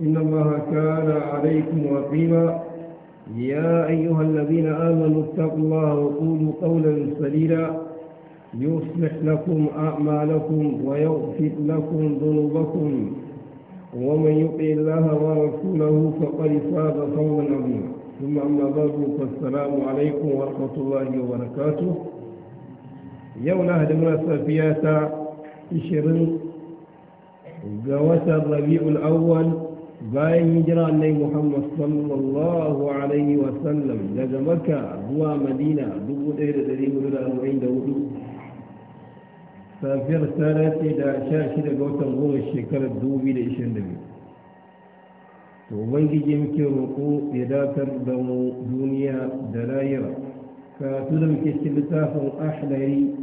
إن الله كان عليكم رقيبا يا أيها الذين آمنوا اتقوا الله وقولوا قولا سليلا يصلح لكم أعمالكم ويغفر لكم ذنوبكم ومن يطع الله ورسوله فقد فاز فوزا عظيما ثم أما بعد فالسلام عليكم ورحمة الله وبركاته يوم أهل مناسبيات 20 ga الربيع الأول bayan hijira annabi muhammad sallallahu alaihi Sallam, daga makka zuwa madina 1444 safiyar ta dace da 16 ga watan goma shekarar 2022 to ubangiji muke roƙo ya datar da mu duniya da rayuwa ka da muke cikin littafin ahlari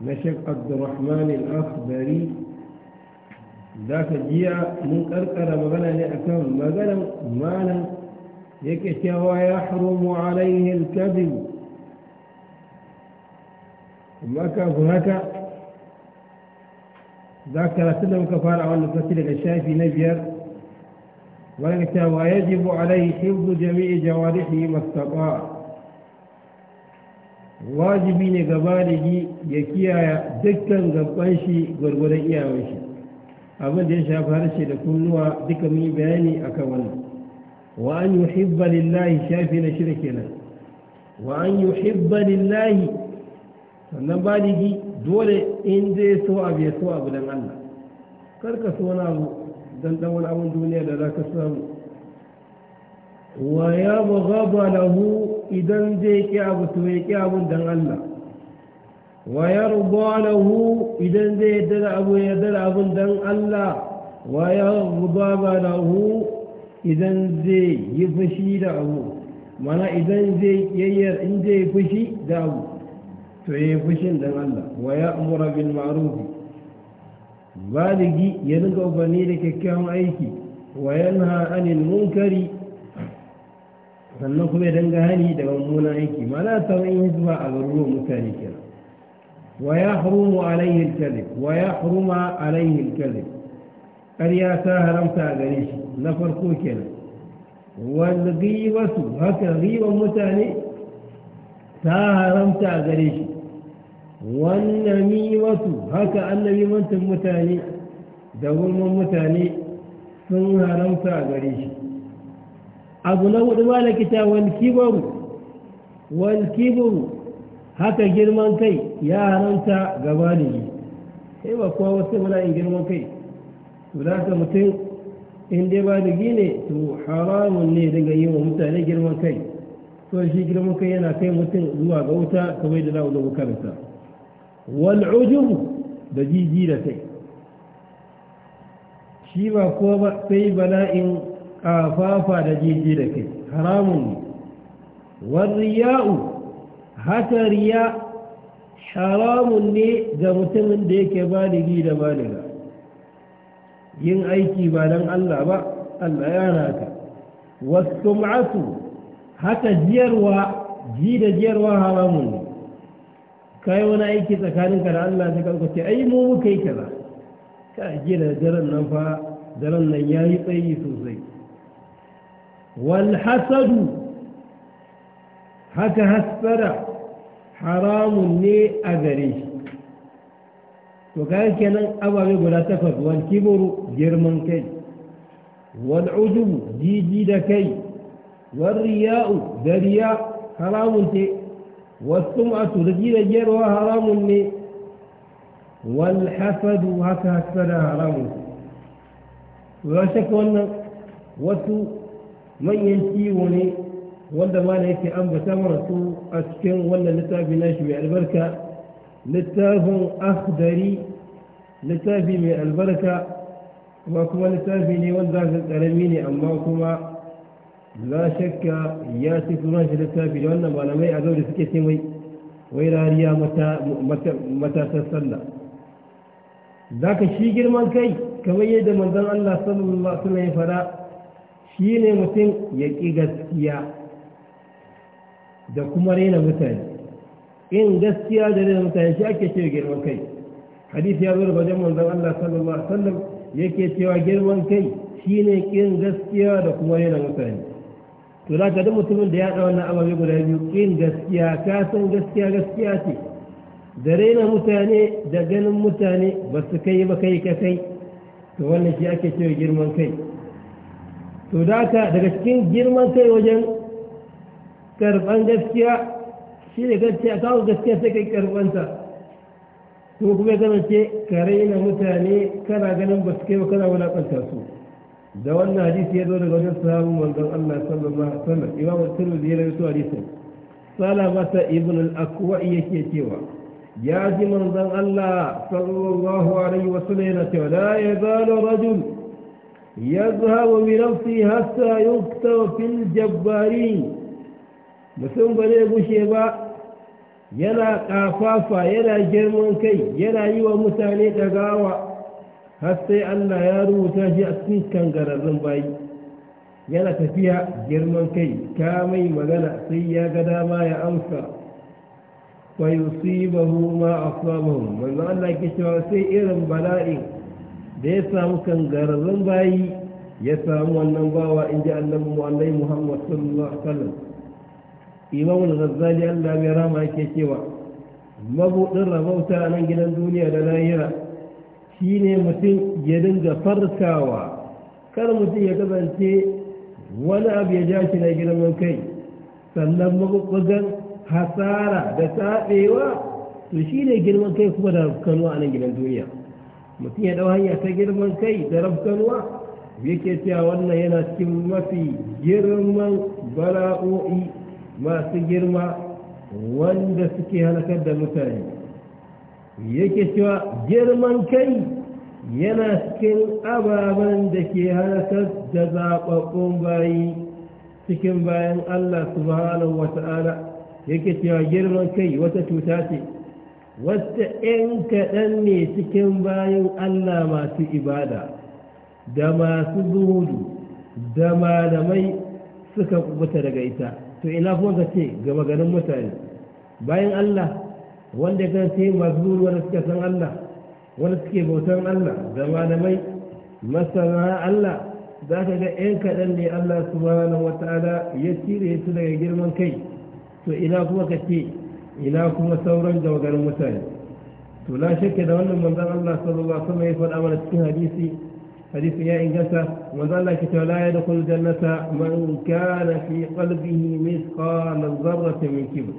na shek abdurrahman al-akhbari za ka jiya mun karkara magana ne akan maganan malam yake cewa ya haramu alaihi alkazib amma kafin haka za ka rasu da muka fara a wannan sassi daga shafi na biyar wani cewa ya jibu alaihi hibzu jami'i jawarihi mastaɓa wajibi ne ga baligi ya kiyaye dukkan gaban shi gwargwadon shi abin da ya shafi harshe da kunnuwa duka mun yi bayani kan wannan wa an hibba lillahi shafi na shirya kenan wa an hibba lillahi sannan yi dole in zai so abu ya so abu don Allah karka so wani abu don dan wani abin duniya da za ka samu wa ya bughaba lahu idan zai ki abu to ya ki abun don Allah ويرضى له إذا زي دلعب يدلعب دن الله ويغضب له إذا زي يفشي دعوه mana idan zai yayyar in zai fushi da abu to ya fushin dan Allah wa ya amura bil ma'ruf baligi ya rinka ubanni da kyakkyawan aiki wa yanha anil munkari sannan kuma ya danga hani da mummunan aiki mana ta wani hizba a garuruwan mutane kenan ويحرم عليه الكذب ويحرم عليه الكذب قال يا ساهر أم تأذنيش نفرقوا كنا والغيبة هكا غيبة متاني ساهر أم تأذنيش والنميمة هكا النبي من تمتاني دول من متاني سنهر أم تأذنيش أبو نوء دوالك تاوى والكبر, والكبر haka girman kai ya haranta gaba ne sai ba kowa wasu muna yin girman kai su da haka mutum in dai ba da gine to haramun ne daga yi wa mutane girman kai so shi girman kai yana kai mutum zuwa ga wuta kamar da za'a zo karanta wal da jiji da kai shi ba kuwa ba sai bala'in kafafa da jiji da kai haramun ne wal riya'u haka riya haramun ne ga mutumin da yake baligi da baliga yin aiki ba don Allah ba Allah ya naka wasu haka jiyarwa ji da jiyarwa haramun ne Kai wani aiki tsakaninka da Allah ta ce ai mu muka yi kaza ka ji da daren nan fa daren nan ya yi tsayi sosai wal hasadu haka hasara haramun ne a gare shi to kayan kenan ababe guda takwas wani kibiru girman kai wal ujubu jiji da kai wani riya'u da riya haramun ce wasu masu da da gerowa haramun ne wal hasadu haka hasada haramun ce ba shakka wannan wasu manyan ciwo ne wanda ma yake an ambata mana su a cikin wannan littafi shi mai albarka littafin akhdari littafi mai albarka kuma kuma littafi ne wanda zai karami ne amma kuma la shakka ya ci sunan shi littafi da wannan malamai a zaure suke ce mai wai rariya matasar sallah za ka shi girman kai kamar yadda manzon Allah sallallahu alaihi wasallam ya fara shi ne mutum ya ƙi gaskiya da kuma raina mutane in gaskiya da raina mutane shi ake ce girman kai hadith ya zo da manzan Allah sallallahu alaihi wasallam yake cewa girman kai shine kin gaskiya da kuma raina mutane to da ka da mutumin da ya da wannan ababe guda biyu kin gaskiya ka san gaskiya gaskiya ce da raina mutane da ganin mutane ba su kai ba kai ka kai to wannan shi ake cewa girman kai to da ka daga cikin girman kai wajen كربان دفتيا شيء دفتيا كاو دفتيا سكي كربان تا توكمي كنا شيء كرينا متاني كنا كنا بسكي وكنا ولا كنتاسو دوالنا حديث يدو رجل السلام والدن الله صلى الله عليه وسلم إمام الترمذي له يسوع حديثه صلى مساء ابن الأكوى يشيتيوا يا من دن الله صلى الله عليه وسلم لا يزال رجل يذهب بنفسه حتى يكتب في الجبارين mutum ba zai gushe ba yana ƙafafa yana girman kai yana yi wa mutane ɗagawa har sai allah ya rubuta shi a cikin kangararrun bayi yana tafiya girman kai ta mai magana sai ya ga dama ya amsa yusibahu ma asabahu manzo Allah ke cewa sai irin bala'in da ya samu kangararrun bayi ya samu wannan bawa inji ji annabi mu Muhammad sallallahu alaihi wasallam imam al-ghazali Allah mai rama yake cewa mabuɗin rabauta a nan gidan duniya da lahira shine mutum ya dinga farkawa kar mutum ya kasance wani abu ya ja shi na girman kai sannan mabukugan hasara da tabewa to shine girman kai kuma da rafkanuwa a nan gidan duniya mutum ya ɗau hanya ta girman kai da rafkanuwa yake cewa wannan yana cikin mafi girman bala'o'i masu girma wanda suke halakar da mutane yake cewa girman kai yana cikin ababen da ke halakar da zaɓaɓɓun bayi cikin bayan Allah subhanahu ta'ala yake cewa girman kai wata cuta ce wata ‘yan kaɗan ne cikin bayan Allah masu ibada da masu zuhudu da malamai suka kubuta daga ita to ina kuma ka ce gama maganin mutane bayan Allah wanda ya kasance masu zuru wanda suka san Allah wanda suke bautan Allah da malamai masana Allah za ka ga ‘yan kaɗan ne Allah subhanahu wa ta'ala ya cire su daga girman kai to ina kuma ka ce ina kuma sauran gama garin mutane to la shakka da wannan manzon Allah sallallahu alaihi wasallam ya faɗa mana cikin hadisi حديث يا إنجسة وذلك لا يدخل الجنة من كان في قلبه مثقال ذرة من كبر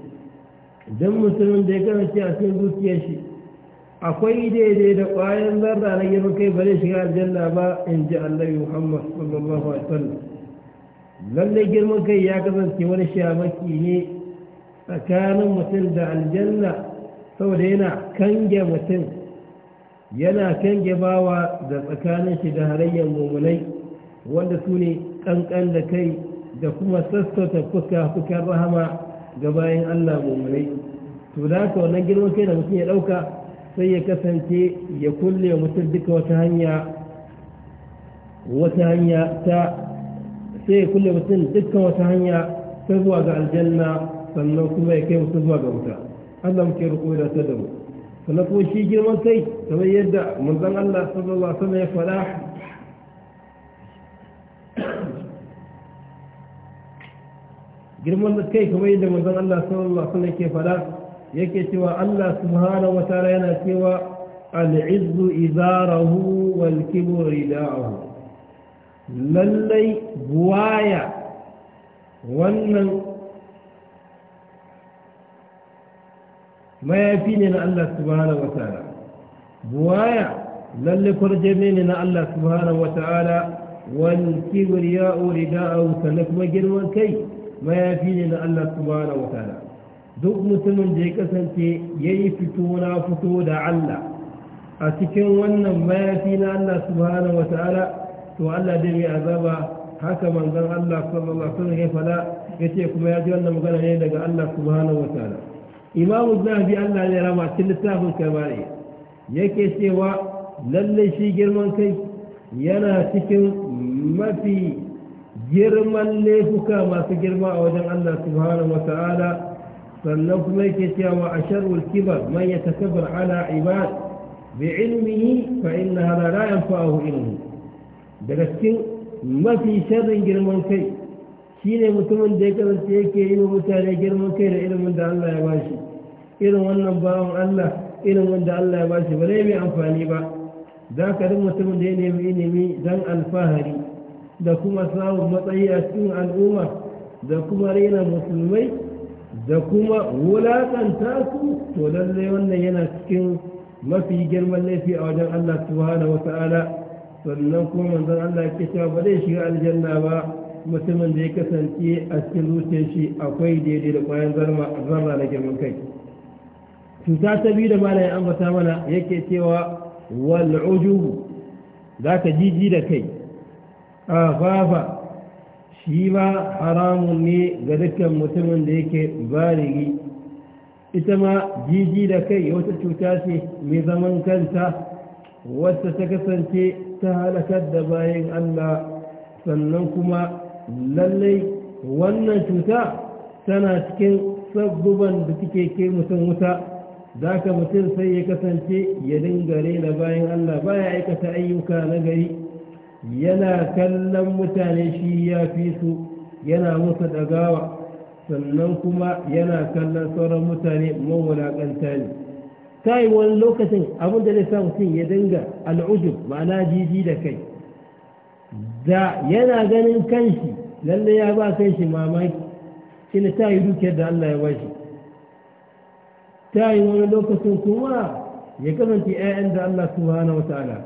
دم مسلم دي كان شيء أسين دوسيا شيء أقوي دي دي دقايا ذرة أنا يبقى كيف ليش قال الجنة با إن جاء الله محمد صلى الله عليه وسلم lallai girman kai ya kasance wani shamaki ne tsakanin فكان مسلم aljanna saboda yana kange مسلم yana kan gabawa da tsakanin shi da harayyar mummunai wanda su ne ƙanƙan da kai da kuma sassauta fuska fuskar rahama ga bayan Allah mummunai to da haka wannan girman kai da mutum ya ɗauka sai ya kasance ya kulle mutum duka wata hanya wata hanya ta sai ya kulle mutum dukkan wata hanya ta zuwa ga aljanna sannan kuma ya kai mutum zuwa ga wuta Allah muke rukuni da ta sannan kuma shi girman kai kamar yadda manzan Allah sallallahu alaihi wasallam ya faɗa girman kai kamar yadda manzan Allah sallallahu alaihi wasallam ke faɗa yake cewa Allah subhanahu wa ta'ala yana cewa al'izzu izarahu wal kibru rida'ahu lallai buwaya wannan ما يفيني أن الله سبحانه وتعالى بوايا للكر جميني أن الله سبحانه وتعالى والكبرياء رداءه سلك مجر وكي ما يفيني أن الله سبحانه وتعالى دوك مسلم جيكا سنتي يفتونا فتودا علا أتكن ونا ما يفيني أن الله سبحانه وتعالى تو الله دمي أذابا haka manzon الله صلى الله عليه وسلم ce kuma ya ji wannan magana ne daga Allah subhanahu imamu zahabi allah ne rama cikin littafin kamari yake cewa lallai shi girman kai yana cikin mafi girman laifuka masu girma a wajen allah subhanahu wa ta'ala sannan kuma yake cewa a sharul kibar man ya takabbar ala ibad bi ilmihi fa inna hada la yanfa'uhu ilmu daga cikin mafi sharrin girman kai shi ne mutumin da ya kasance yake yi wa mutane girman kai da ilimin da Allah ya bashi irin wannan bawan Allah ilimin da Allah ya bashi ba zai mai amfani ba za ka duk mutumin da ya nemi ilimi don alfahari da kuma samun matsayi a cikin al'umma da kuma raina musulmai da kuma wulaƙanta su to lallai wannan yana cikin mafi girman laifi a wajen Allah subhanahu ta'ala sannan kuma manzon Allah ke ce ba zai shiga aljanna ba mutumin da ya kasance a cikin zuciyar shi akwai daidai da kwayan zarra na girman kai cuta ta biyu da malam ya ambata mana yake cewa wal ujubu za ka jiji da kai afafa shi ma haramun ne ga dukkan mutumin da yake barigi ita ma jiji da kai wata cuta ce mai zaman kanta wacce ta kasance ta halakar da bayan allah sannan kuma lallai wannan cuta tana cikin sabbuban da take ke mutum wuta za ka mutum sai ya kasance ya dinga rena bayan allah baya aikata ayyuka na gari yana kallon mutane shi ya fi su yana musu dagawa sannan kuma yana kallon sauran mutane mawulaƙanta ne ta yi wani lokacin abin da zai sa mutum ya dinga al'ujub ma'ana jiji da kai da yana ganin kanshi lalle ya ba kai shi mamaki shi ne ta yi dukiyar da Allah ya ba shi ta yi wani lokacin kuma ya kasance 'ya'yan da Allah subhanahu wa ta'ala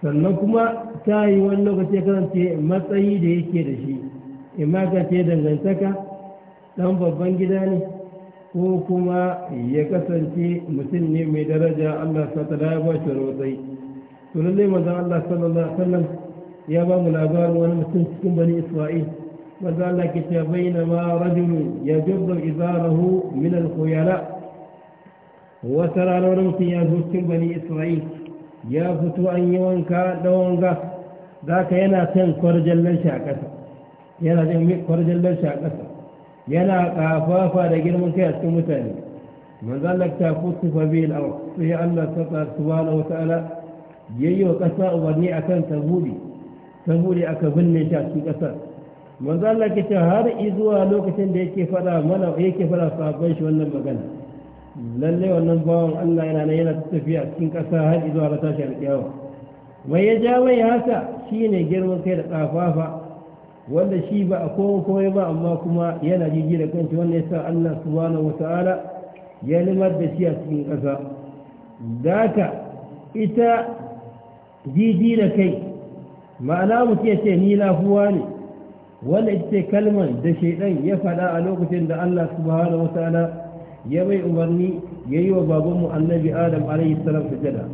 sannan kuma ta yi wani lokaci ya kasance matsayi da yake da shi in ce dangantaka ɗan babban gida ne ko kuma ya kasance mutum ne mai daraja Allah wa ta ya ba shi wani matsayi to lalle manzon Allah sallallahu alaihi wasallam يا باب الابار ولم تمسكم بني اسرائيل وذلك بينما رجل يجر ازاره من الخيلاء وترى لرمت يا فتن بني اسرائيل يا فتو ان يوانكا دوانكا ذاك ينا تن كرجل لن شاكسا ينا تن كرجل لن شاكسا ينا كافافا لقير من كي اتكم تاني من ذلك تفوت فبي الارض فهي الله سبحانه وتعالى ييو قصاء ورني اتن saboda aka binne shi a cikin ƙasar manzo Allah ke cewa har izuwa lokacin da yake fada mana yake fada sabon shi wannan magana lalle wannan bawan Allah yana nan yana tafiya cikin ƙasa har izuwa ranar tashi alƙiyawa mai ya ja mai haka shine girman kai da tsafafa wanda shi ba a kowa komai ba amma kuma yana jiji da kanci wanda ya sa Allah subhanahu wata'ala ya limar da shi a cikin ƙasa da ita jiji da kai ma'ana mutum ya ce ni lafuwa ne wanda ita ce kalmar da shaidan ya faɗa a lokacin da Allah subhanahu wataala ya bai umarni ya yi wa babanmu annabi adam alayhi salam sujada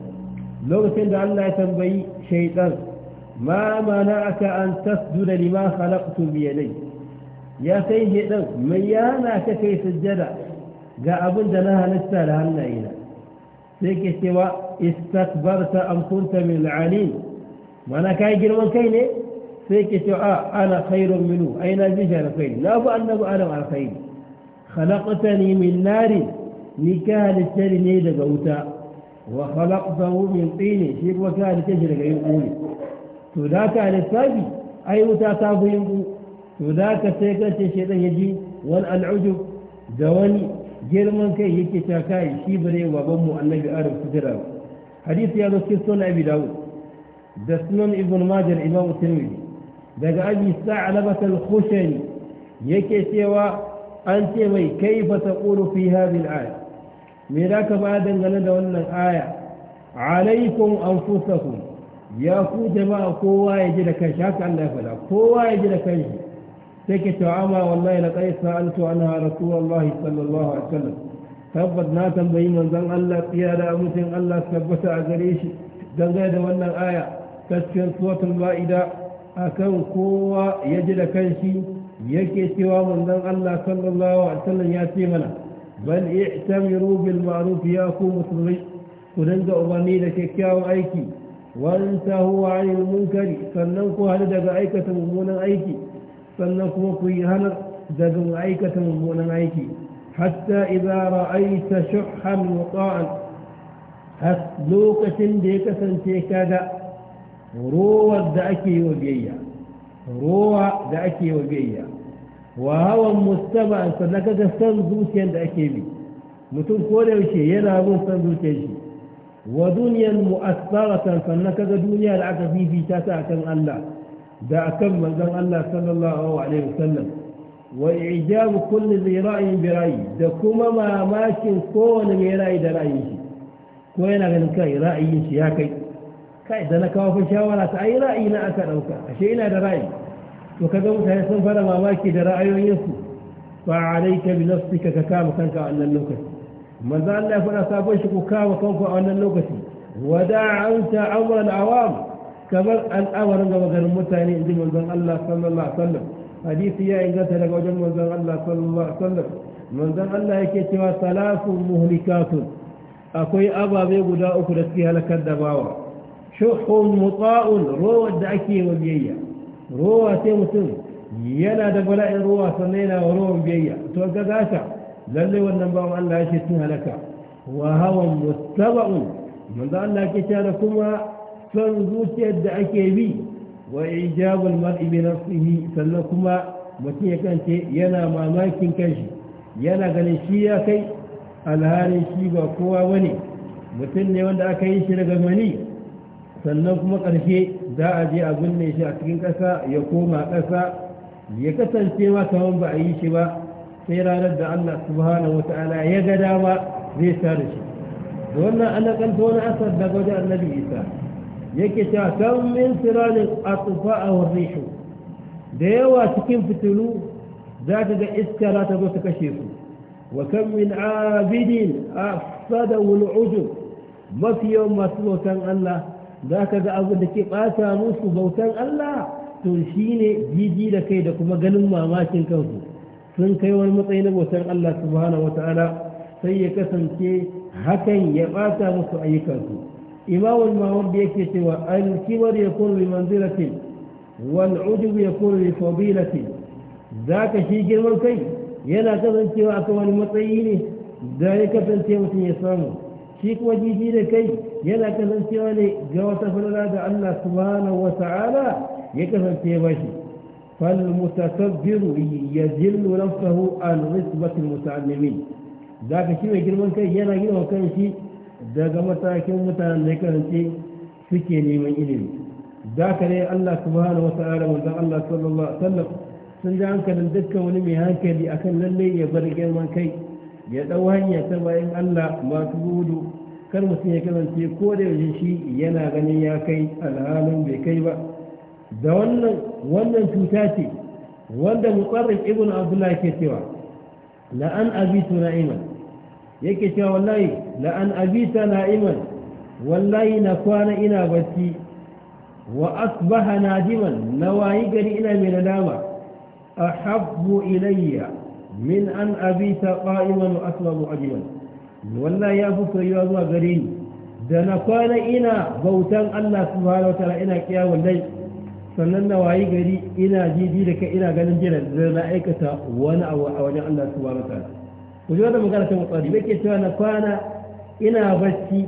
lokacin da Allah ya tambayi shaidan ma mana aka an tasjuda lima khalaqtu bi yadai ya sai shaidan mai yana ka kai sujada ga abin da na halitta da hannayena sai ke cewa istakbarta am kunta min alim mana ka yi girman kai ne sai ke ce a ana khairun minu ai na ji shi alkhairi na bu annabi adam alkhairi khalaqtani min nari ni ka halitta ne daga wuta wa khalaqtahu min tini shi kuma ka halitta shi daga yunku ne to da ka lissafi ai wuta ta fi yunku to da ka sai ka ce shi dan yaji wani al'ujub da wani girman kai yake ta kai shi bare baban mu annabi adam sidira hadisi ya zo cikin sunan abi dawud دسنون ابن ماجر امام الترمذي دغا اجي ثعلبة الخشن يكي سيوا انت مي كيف تقول في هذه الآية ميراك ما ان لنا ولا الآية عليكم انفسكم يا كو جماعة قوة يجي لك شاك الله فلا قوة يجي لك تك تعامى والله لقد سألت عنها رسول الله صلى الله عليه وسلم ثبت ناتا بهم من ذن الله قيادة أمسين الله ثبت أزريش ذن غير ذن الآية gaskiyar suratul ma'ida akan kowa ya ji da kanshi yake cewa manzon Allah sallallahu alaihi wasallam ya ce mana bal i'tamiru bil ma'ruf ya ku musulmai ku dinga umarni da kyakkyawan aiki wanta huwa anil munkari sannan ku hana daga aikata mummunan aiki sannan kuma ku yi hana daga aikata mummunan aiki hatta idza ra'aita shuhhan muta'an har lokacin da ya kasance kaga rowar da ake yi wa biyayya rowa da ake yi wa biyayya wa hawan mustaba sannan kaga san zuciyar da ake bi mutum ko da yake yana bin san zuciyar shi wa duniyar mu'assaratan sannan kaga duniya da aka fifita ta akan Allah da akan manzon Allah sallallahu alaihi wasallam wa ijab kulli zai ra'ayin bi ra'yi da kuma mamakin kowane mai ra'ayi da ra'ayin shi ko yana ganin kai ra'ayin shi ya kai kai da na kawo fa shawara ta ai ina na aka dauka ashe ina da ra'ayi to kaga mutane sun fara mamaki da ra'ayoyinsu Ba fa alayka bi nafsika ka kama kanka a wannan lokaci manzo Allah ya fara sabon shi ku kama kanku a wannan lokaci wada'anta amra al-awam kamar al'amarin gaba garin mutane inji manzon Allah sallallahu alaihi wasallam hadisi ya inganta daga wajen manzon Allah sallallahu alaihi wasallam manzon Allah yake cewa salatu muhlikatun akwai ababe guda uku da suke halakar da bawa شح مطاء روى الدعكي وبيئة روى تيمتن يلا دقلاء روى صلينا وروى بيئة توقع ذاتا للي والنباء أن لا يشتنها لك وهو مستوى من ذا الله كتاركما فنزوت الدعكي بي وإعجاب المرء بنفسه سلكما متي كان شيء ينا ما ماكن كشي ينا غنشيا كي الهاري شيبا كوا وني متن يوند أكيش رغماني sannan kuma ƙarshe za a je a binne shi a cikin ƙasa ya koma ƙasa ya kasance ma kamar ba a yi shi ba sai ranar da Allah subhanahu wata'ala ya ga dama zai sa da shi da wannan an kanta wani asar daga wajen annabi isa yake cewa kan min siranin a atufa a warrihu da yawa cikin fitilu za ta ga iska za ta zo ta kashe su wa kan min abidin a sadawul ujub mafi yawan masu bautan Allah za ka ga abin da ke ɓata musu bautan Allah to shi ne jiji da kai da kuma ganin mamakin kansu sun kai wani matsayi na bautan Allah subhanahu ta'ala sai ya kasance hakan ya ɓata musu ayyukansu imamul mawar da yake cewa alkibar ya kun bi manzilatin wal ujub ya kun bi fadilatin za ka shi girman kai yana kasancewa akan wani matsayi ne da ya kasance mutum ya samu شيك وجيجي لكي يلا كذن سيوالي جوات فلولاد الله سبحانه وتعالى يكذن سيواشي فالمتكبر يزل نفسه عن رسبة المتعلمين ذاك شيء يجل منك يلا كي وكان شيء ذاك متاكم متعلمين كذن شيء فكيني من إلي ذاك لي الله سبحانه وتعالى وذا الله صلى الله عليه وسلم سنجعنك لندك ونمي هانك لأكن للي يبرق المنكي كي ya ɗau hanya ta bayan Allah masu gudu kar mutum ya kasance ko da yaushe shi yana ganin ya kai alhalin bai kai ba da wannan wannan cuta ce wanda muqarrib ibn abdullah yake cewa la an abitu na'iman yake cewa wallahi la an abita na'iman wallahi na kwana ina bacci wa asbaha nadiman nawayi gari ina mai nadama ahabbu ilayya min an abita qa'iman wa aslamu ajiban wallahi ya fi soyuwa zuwa gare ni da na kwana ina bautan Allah subhanahu wa ta'ala ina kiyawar lai sannan na wayi gari ina jiji da kai ina ganin jira da na aikata wani abu a wajen Allah subhanahu wa ta'ala ku ji wata magana ta mutsari ke cewa na kwana ina bacci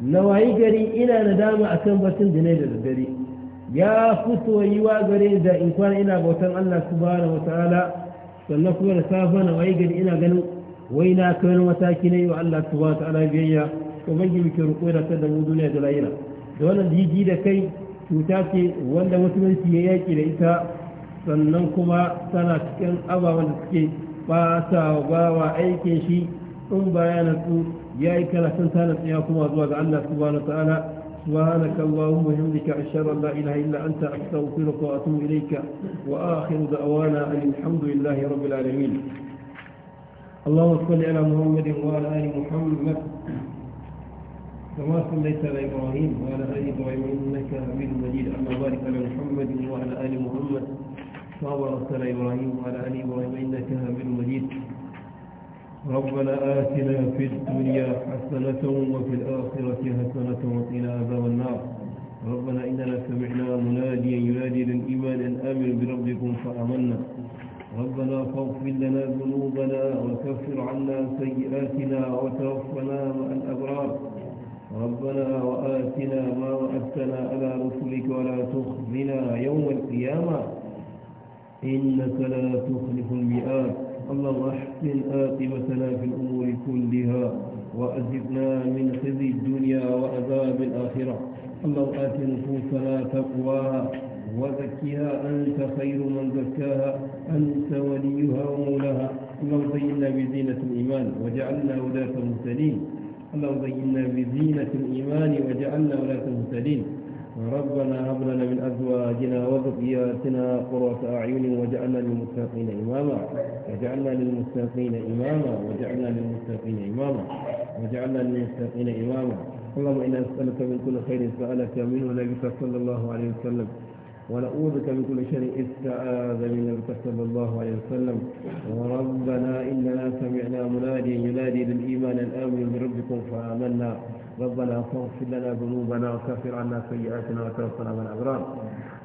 na wayi gari ina nadama akan baccin da ne da daddare ya fi soyuwa gare da in kwana ina bautan Allah subhanahu wa ta'ala sannan kuma da safa na waye gari ina ganin wai na kai wani mataki na yi wa Allah subhanahu ta'ala biyayya to bangi muke roƙo da kada mu duniya da lahira da wannan jiji da kai cuta ce wanda musulunci ya yaki da ita sannan kuma tana cikin ababen da suke ɓata bawa aikin shi in bayanan su ya yi karatun tana tsaya kuma zuwa ga Allah subhanahu ta'ala سبحانك اللهم وبحمدك أشهد أن لا إله إلا أنت أستغفرك وأتوب إليك وآخر دعوانا أن الحمد لله رب العالمين اللهم صل على محمد وعلى آل محمد كما صليت على إبراهيم وعلى آل إبراهيم إنك حميد مجيد أما بارك على محمد وعلى آل محمد كما باركت على إبراهيم وعلى آل إبراهيم إنك حميد مجيد ربنا آتنا في الدنيا حسنة وفي الآخرة حسنة وقنا عذاب النار ربنا إننا سمعنا مناديا ينادي للإيمان أن آمنوا بربكم فآمنا ربنا فاغفر لنا ذنوبنا وكفر عنا سيئاتنا وتوفنا مع الأبرار ربنا وآتنا ما وعدتنا على رسلك ولا تخزنا يوم القيامة إنك لا تخلف المئات اللهم احسن عاقبتنا في الأمور كلها وأزدنا من خزي الدنيا وعذاب الآخرة اللهم آت نفوسنا تقواها وزكيها أنت خير من زكاها أنت وليها ومولاها اللهم زينا بزينة الإيمان وجعلنا ولاة مهتدين اللهم زينا بزينة الإيمان وجعلنا ولاة مهتدين ربنا هب لنا من أزواجنا وذرياتنا قرة أعين وجعلنا للمتقين إماما وجعلنا للمتقين إماما وجعلنا للمتقين إماما وجعلنا للمتقين إماما اللهم إنا نسألك من كل خير سألك منه نبيك صلى الله عليه وسلم ونعوذ بك من كل شر استعاذ من نبيك صلى الله عليه وسلم وربنا إننا سمعنا مناديا ينادي للإيمان الآمن بربكم فآمنا ربنا فاغفر لنا ذنوبنا وكفر عنا سيئاتنا وتوفنا من الأبرار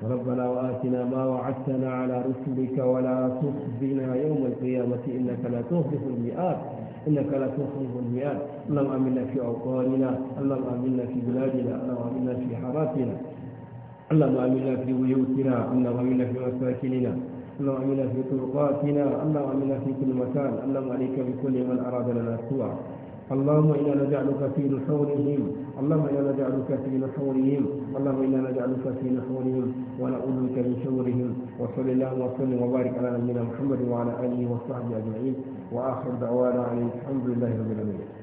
ربنا وآتنا ما وعدتنا على رسلك ولا تخزنا يوم القيامة إنك لا تخلف المئات إنك لا تخلف المئات اللهم آمنا في أوطاننا اللهم آمنا في بلادنا اللهم آمنا في حاراتنا اللهم آمنا في بيوتنا اللهم آمنا في مساكننا اللهم آمنا في طرقاتنا اللهم آمنا في كل مكان اللهم عليك بكل من أراد لنا السوء اللهم إنا نجعلك في نحورهم اللهم إنا نجعلك في نحورهم اللهم إنا نجعلك في نحورهم ونعوذ بك من شرورهم وصل اللهم وسلم وبارك على نبينا محمد وعلى آله وصحبه أجمعين وآخر دعوانا عليه الحمد لله رب العالمين